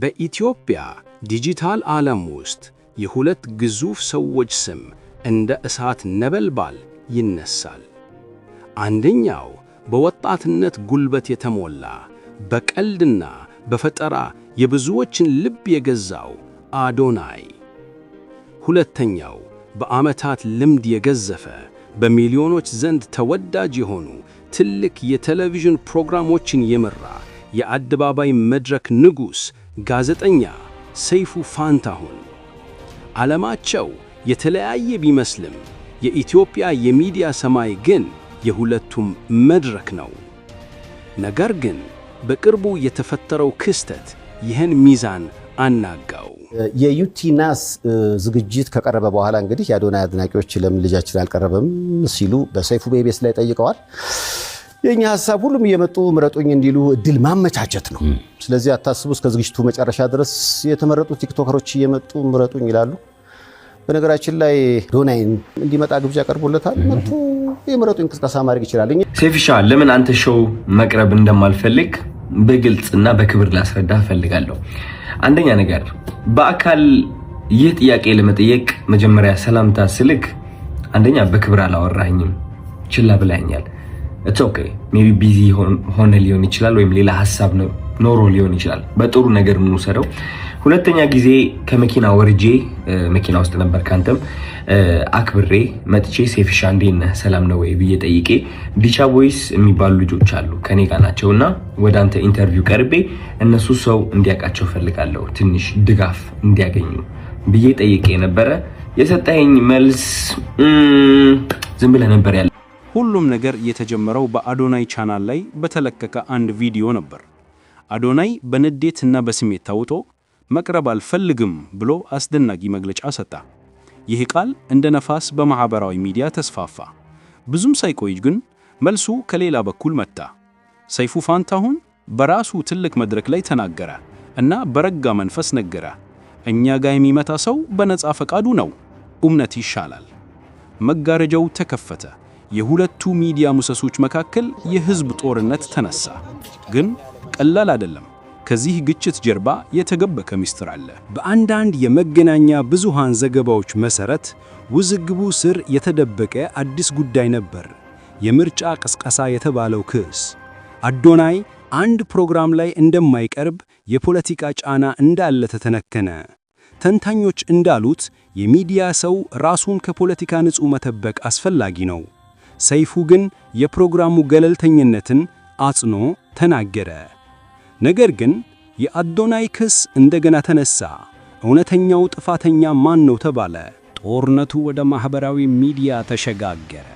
በኢትዮጵያ ዲጂታል ዓለም ውስጥ የሁለት ግዙፍ ሰዎች ስም እንደ እሳት ነበልባል ይነሳል። አንደኛው በወጣትነት ጉልበት የተሞላ በቀልድና በፈጠራ የብዙዎችን ልብ የገዛው አዶናይ፣ ሁለተኛው በዓመታት ልምድ የገዘፈ በሚሊዮኖች ዘንድ ተወዳጅ የሆኑ ትልቅ የቴሌቪዥን ፕሮግራሞችን የመራ የአደባባይ መድረክ ንጉሥ ጋዜጠኛ ሰይፉ ፋንታሁን ዓለማቸው የተለያየ ቢመስልም የኢትዮጵያ የሚዲያ ሰማይ ግን የሁለቱም መድረክ ነው። ነገር ግን በቅርቡ የተፈጠረው ክስተት ይህን ሚዛን አናጋው። የዩቲናስ ዝግጅት ከቀረበ በኋላ እንግዲህ የአዶናይ አድናቂዎች ለምን ልጃችን አልቀረበም ሲሉ በሰይፉ ቤቤስ ላይ ጠይቀዋል። የእኛ ሀሳብ ሁሉም እየመጡ ምረጡኝ እንዲሉ እድል ማመቻቸት ነው። ስለዚህ አታስቡ፣ እስከ ዝግጅቱ መጨረሻ ድረስ የተመረጡ ቲክቶከሮች እየመጡ ምረጡኝ ይላሉ። በነገራችን ላይ ዶናይን እንዲመጣ ግብዣ ቀርቦለታል። መጡ የምረጡ እንቅስቃሴ ማድረግ ይችላል። ሴፊሻ ለምን አንተ ሾው መቅረብ እንደማልፈልግ በግልጽና በክብር ላስረዳ እፈልጋለሁ። አንደኛ ነገር በአካል ይህ ጥያቄ ለመጠየቅ መጀመሪያ ሰላምታ ስልክ፣ አንደኛ በክብር አላወራኝም፣ ችላ ብላኛል። ኦኬ ሜቢ ቢዚ ሆነ ሊሆን ይችላል፣ ወይም ሌላ ሀሳብ ኖሮ ሊሆን ይችላል። በጥሩ ነገር የምንወሰደው። ሁለተኛ ጊዜ ከመኪና ወርጄ መኪና ውስጥ ነበር፣ ከአንተም አክብሬ መጥቼ ሴፍሻ እንዴት ነህ ሰላም ነው ወይ ብዬ ጠይቄ ዲቻ ቦይስ የሚባሉ ልጆች አሉ ከኔ ጋር ናቸው እና ወደ አንተ ኢንተርቪው ቀርቤ እነሱ ሰው እንዲያውቃቸው ፈልጋለሁ ትንሽ ድጋፍ እንዲያገኙ ብዬ ጠይቄ ነበረ። የሰጠኸኝ መልስ ዝም ብለህ ነበር ያለ ሁሉም ነገር የተጀመረው በአዶናይ ቻናል ላይ በተለቀቀ አንድ ቪዲዮ ነበር። አዶናይ በንዴትና በስሜት ታውጦ መቅረብ አልፈልግም ብሎ አስደናቂ መግለጫ ሰጣ። ይህ ቃል እንደ ነፋስ በማኅበራዊ ሚዲያ ተስፋፋ። ብዙም ሳይቆይ ግን መልሱ ከሌላ በኩል መጣ። ሰይፉ ፋንታሁን በራሱ ትልቅ መድረክ ላይ ተናገረ እና በረጋ መንፈስ ነገረ፣ እኛ ጋር የሚመታ ሰው በነፃ ፈቃዱ ነው፣ እምነት ይሻላል። መጋረጃው ተከፈተ። የሁለቱ ሚዲያ ምሰሶች መካከል የህዝብ ጦርነት ተነሳ። ግን ቀላል አይደለም። ከዚህ ግጭት ጀርባ የተገበከ ምስጢር አለ። በአንዳንድ የመገናኛ ብዙሃን ዘገባዎች መሰረት ውዝግቡ ስር የተደበቀ አዲስ ጉዳይ ነበር። የምርጫ ቀስቀሳ የተባለው ክስ አዶናይ አንድ ፕሮግራም ላይ እንደማይቀርብ የፖለቲካ ጫና እንዳለ ተተነከነ። ተንታኞች እንዳሉት የሚዲያ ሰው ራሱን ከፖለቲካ ንጹሕ መጠበቅ አስፈላጊ ነው። ሰይፉ ግን የፕሮግራሙ ገለልተኝነትን አጽኖ ተናገረ። ነገር ግን የአዶናይ ክስ እንደገና ተነሳ። እውነተኛው ጥፋተኛ ማን ነው ተባለ። ጦርነቱ ወደ ማኅበራዊ ሚዲያ ተሸጋገረ።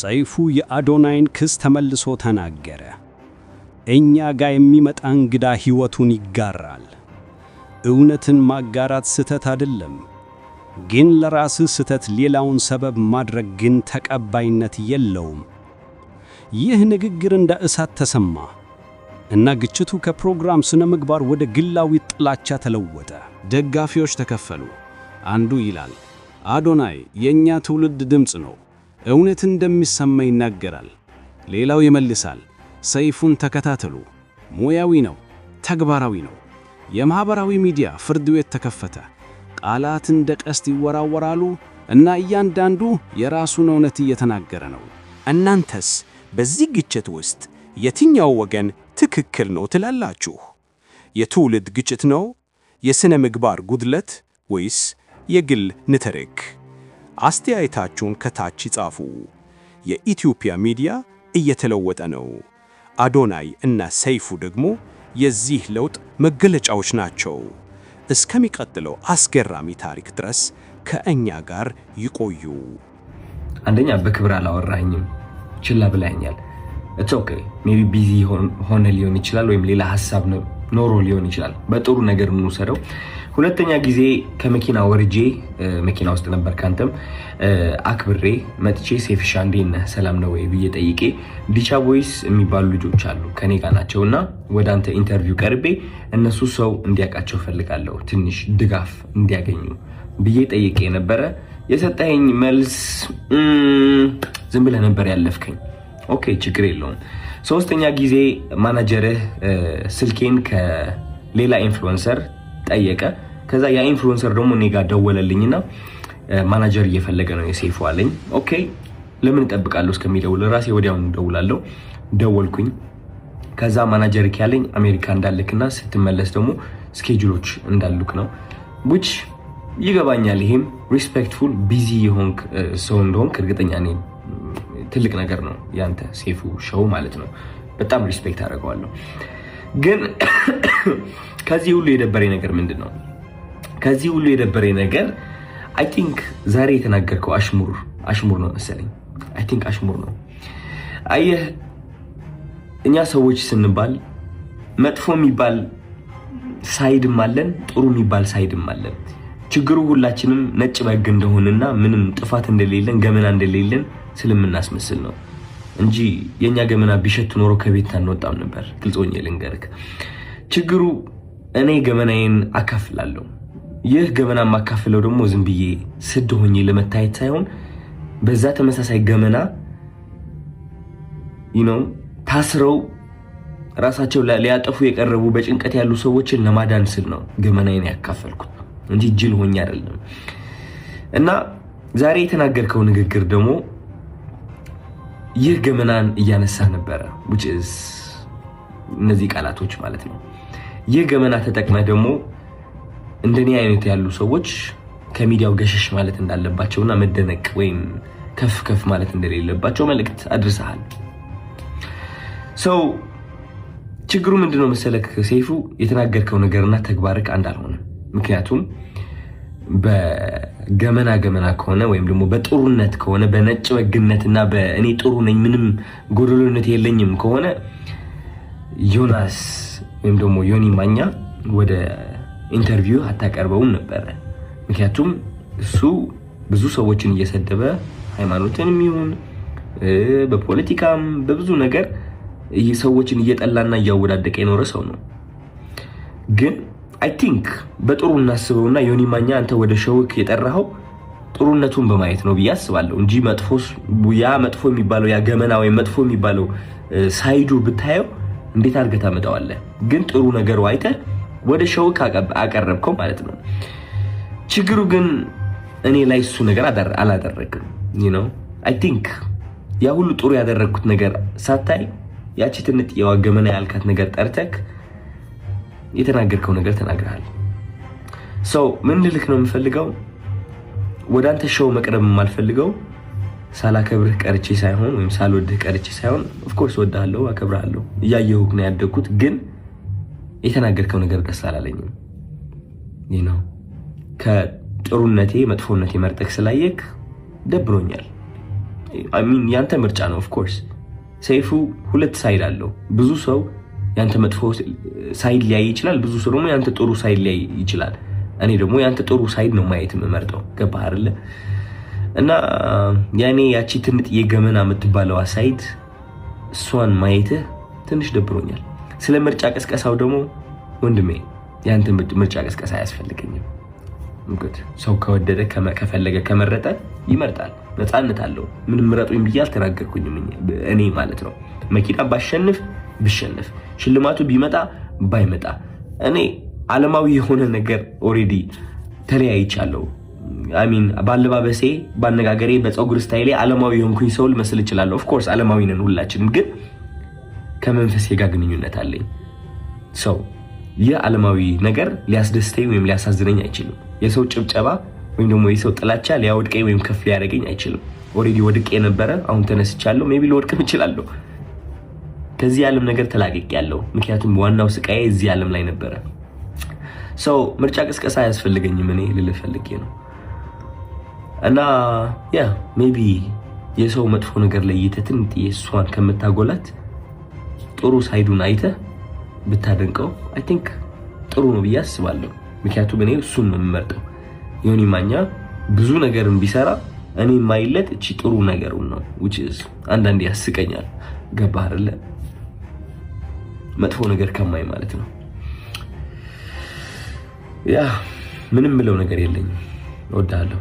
ሰይፉ የአዶናይን ክስ ተመልሶ ተናገረ። እኛ ጋር የሚመጣ እንግዳ ሕይወቱን ይጋራል። እውነትን ማጋራት ስህተት አይደለም። ግን ለራስህ ስህተት ሌላውን ሰበብ ማድረግ ግን ተቀባይነት የለውም። ይህ ንግግር እንደ እሳት ተሰማ እና ግጭቱ ከፕሮግራም ስነ ምግባር ወደ ግላዊ ጥላቻ ተለወጠ። ደጋፊዎች ተከፈሉ። አንዱ ይላል አዶናይ የእኛ ትውልድ ድምፅ ነው፣ እውነት እንደሚሰማ ይናገራል። ሌላው ይመልሳል ሰይፉን ተከታተሉ፣ ሙያዊ ነው፣ ተግባራዊ ነው። የማኅበራዊ ሚዲያ ፍርድ ቤት ተከፈተ። ቃላት እንደ ቀስት ይወራወራሉ እና እያንዳንዱ የራሱን እውነት እየተናገረ ነው። እናንተስ በዚህ ግጭት ውስጥ የትኛው ወገን ትክክል ነው ትላላችሁ? የትውልድ ግጭት ነው? የሥነ ምግባር ጉድለት ወይስ የግል ንትርክ? አስተያየታችሁን ከታች ይጻፉ። የኢትዮጵያ ሚዲያ እየተለወጠ ነው። አዶናይ እና ሰይፉ ደግሞ የዚህ ለውጥ መገለጫዎች ናቸው። እስከሚቀጥለው አስገራሚ ታሪክ ድረስ ከእኛ ጋር ይቆዩ። አንደኛ በክብር አላወራኝም፣ ችላ ብላኛል። ኦኬ ቢዚ ሆነ ሊሆን ይችላል፣ ወይም ሌላ ሀሳብ ነው ኖሮ ሊሆን ይችላል። በጥሩ ነገር የምንወሰደው። ሁለተኛ ጊዜ ከመኪና ወርጄ መኪና ውስጥ ነበር። ካንተም አክብሬ መጥቼ ሴፍሻ እንዴት ነህ ሰላም ነው ወይ ብዬ ጠይቄ ዲቻ ቦይስ የሚባሉ ልጆች አሉ ከኔ ጋር ናቸው እና ወደ አንተ ኢንተርቪው ቀርቤ እነሱ ሰው እንዲያውቃቸው ፈልጋለሁ ትንሽ ድጋፍ እንዲያገኙ ብዬ ጠይቄ ነበረ። የሰጠኸኝ መልስ ዝም ብለህ ነበር ያለፍከኝ። ኦኬ ችግር የለውም። ሶስተኛ ጊዜ ማናጀርህ ስልኬን ከሌላ ኢንፍሉንሰር ጠየቀ። ከዛ ያ ደግሞ እኔ ጋር ደወለልኝና ማናጀር እየፈለገ ነው የሴፉ አለኝ። ኦኬ ለምን እጠብቃለሁ እስከሚደውል ራሴ ወዲያውኑ ደውላለሁ። ደወልኩኝ። ከዛ ማናጀር ያለኝ አሜሪካ እንዳልክና ስትመለስ ደግሞ ስኬጁሎች እንዳሉክ ነው ይገባኛል። ይሄም ሪስፔክትፉል ቢዚ የሆንክ ሰው እንደሆንክ እርግጠኛ ነኝ። ትልቅ ነገር ነው ያንተ ሴፉ ሾው ማለት ነው። በጣም ሪስፔክት አደርገዋለሁ። ግን ከዚህ ሁሉ የደበረ ነገር ምንድን ነው? ከዚህ ሁሉ የደበረ ነገር አይ ቲንክ ዛሬ የተናገርከው አሽሙር አሽሙር ነው መሰለኝ። አይ ቲንክ አሽሙር ነው። አየህ እኛ ሰዎች ስንባል መጥፎ የሚባል ሳይድም አለን፣ ጥሩ የሚባል ሳይድም አለን። ችግሩ ሁላችንም ነጭ በግ እንደሆንና ምንም ጥፋት እንደሌለን ገመና እንደሌለን ስለምናስመስል ነው እንጂ የእኛ ገመና ቢሸት ኖሮ ከቤት አንወጣም ነበር። ግልጾኝ ልንገርክ፣ ችግሩ እኔ ገመናዬን አካፍላለሁ። ይህ ገመና የማካፍለው ደግሞ ዝም ብዬ ስድ ሆኜ ለመታየት ሳይሆን በዛ ተመሳሳይ ገመና ነው ታስረው ራሳቸው ሊያጠፉ የቀረቡ በጭንቀት ያሉ ሰዎችን ለማዳን ስል ነው ገመናዬን ያካፈልኩት እንጂ ጅል ሆኜ አይደለም። እና ዛሬ የተናገርከው ንግግር ደግሞ ይህ ገመናን እያነሳ ነበረ እነዚህ ቃላቶች ማለት ነው። ይህ ገመና ተጠቅመ ደግሞ እንደኔ አይነት ያሉ ሰዎች ከሚዲያው ገሸሽ ማለት እንዳለባቸውና መደነቅ ወይም ከፍ ከፍ ማለት እንደሌለባቸው መልእክት አድርሰሃል። ሰው ችግሩ ምንድነው መሰለክ ሰይፉ፣ የተናገርከው ነገርና ተግባርክ አንድ አልሆነ። ምክንያቱም በገመና ገመና ከሆነ ወይም ደግሞ በጥሩነት ከሆነ በነጭ በግነትና በእኔ ጥሩ ነኝ ምንም ጎደሎነት የለኝም ከሆነ ዮናስ ወይም ደግሞ ዮኒ ማኛ ወደ ኢንተርቪው አታቀርበውም ነበረ። ምክንያቱም እሱ ብዙ ሰዎችን እየሰደበ ሃይማኖትንም ይሁን በፖለቲካም በብዙ ነገር ሰዎችን እየጠላና እያወዳደቀ የኖረ ሰው ነው ግን አይ ቲንክ በጥሩ እናስበውና ዮኒ ማኛ አንተ ወደ ሸውክ የጠራኸው ጥሩነቱን በማየት ነው ብዬ አስባለሁ እንጂ ያ መጥፎ የሚባለው ያ ገመና ወይም መጥፎ የሚባለው ሳይዱ ብታየው እንዴት አድርገህ ታመጣዋለህ? ግን ጥሩ ነገሩ አይተህ ወደ ሸውክ አቀረብከው ማለት ነው። ችግሩ ግን እኔ ላይ እሱ ነገር አላደረግም ነው። አይ ቲንክ ያ ሁሉ ጥሩ ያደረግኩት ነገር ሳታይ ያቺ ትንጥ የዋገመና ያልካት ነገር ጠርተክ የተናገርከው ነገር ተናግረሃል። ሰው ምን ልልክ ነው የምፈልገው፣ ወደ አንተ ሸው መቅረብ የማልፈልገው ሳላከብርህ ቀርቼ ሳይሆን ወይም ሳልወድህ ቀርቼ ሳይሆን፣ ኦፍኮርስ ወድሃለሁ፣ አከብርሃለሁ፣ እያየሁህ ነው ያደግኩት። ግን የተናገርከው ነገር ደስ አላለኝም። ይህ ነው ከጥሩነቴ መጥፎነቴ መርጠቅ ስላየክ ደብሮኛል። ያንተ ምርጫ ነው ኦፍኮርስ። ሰይፉ ሁለት ሳይድ አለው ብዙ ሰው ያንተ መጥፎ ሳይድ ሊያይ ይችላል። ብዙ ሰው ደግሞ ያንተ ጥሩ ሳይድ ሊያይ ይችላል። እኔ ደግሞ ያንተ ጥሩ ሳይድ ነው ማየት የምመርጠው። ገባህ አይደለ? እና ያኔ ያቺ ትንጥ የገመና የምትባለዋ ሳይድ እሷን ማየትህ ትንሽ ደብሮኛል። ስለ ምርጫ ቀስቀሳው ደግሞ ወንድሜ ያንተ ምርጫ ቀስቀሳ አያስፈልገኝም። ሰው ከወደደ ከፈለገ ከመረጠ ይመርጣል። ነፃነት አለው። ምንም ምረጡኝ ብዬ አልተናገርኩኝም እኔ ማለት ነው። መኪና ባሸንፍ ብሸንፍ ሽልማቱ ቢመጣ ባይመጣ እኔ አለማዊ የሆነ ነገር ኦሬዲ ተለያይቻለሁ። አሚን በአለባበሴ፣ በአነጋገሬ፣ በፀጉር ስታይሌ አለማዊ የሆንኩኝ ሰው ልመስል እችላለሁ። ኦፍኮርስ አለማዊ ነን ሁላችንም፣ ግን ከመንፈሴ ጋር ግንኙነት አለኝ። ሰው ይህ አለማዊ ነገር ሊያስደስተኝ ወይም ሊያሳዝነኝ አይችልም። የሰው ጭብጨባ ወይም ደግሞ የሰው ጥላቻ ሊያወድቀኝ ወይም ከፍ ሊያደርገኝ አይችልም። ኦሬዲ ወድቄ የነበረ አሁን ተነስቻለሁ። ሜቢ ልወድቅም እችላለሁ። ከዚህ ዓለም ነገር ተላቅቅ ያለው ምክንያቱም ዋናው ስቃዬ እዚህ ዓለም ላይ ነበረ። ሰው ምርጫ ቅስቀሳ አያስፈልገኝም እኔ ልልህ ፈልጌ ነው። እና ያ ሜቢ የሰው መጥፎ ነገር ለይተህ ትንጥዬ እሷን ከምታጎላት ጥሩ ሳይዱን አይተህ ብታደንቀው አይ ቲንክ ጥሩ ነው ብዬ አስባለሁ። ምክንያቱም እኔ እሱን ነው የምመርጠው። ዮኒ ማኛ ብዙ ነገርን ቢሰራ እኔ የማይለጥ እቺ ጥሩ ነገሩን ነው። ውጭ አንዳንዴ ያስቀኛል። ገባህ አይደለ? መጥፎ ነገር ከማይ ማለት ነው። ያ ምንም ምለው ነገር የለኝም። እወድሃለሁ።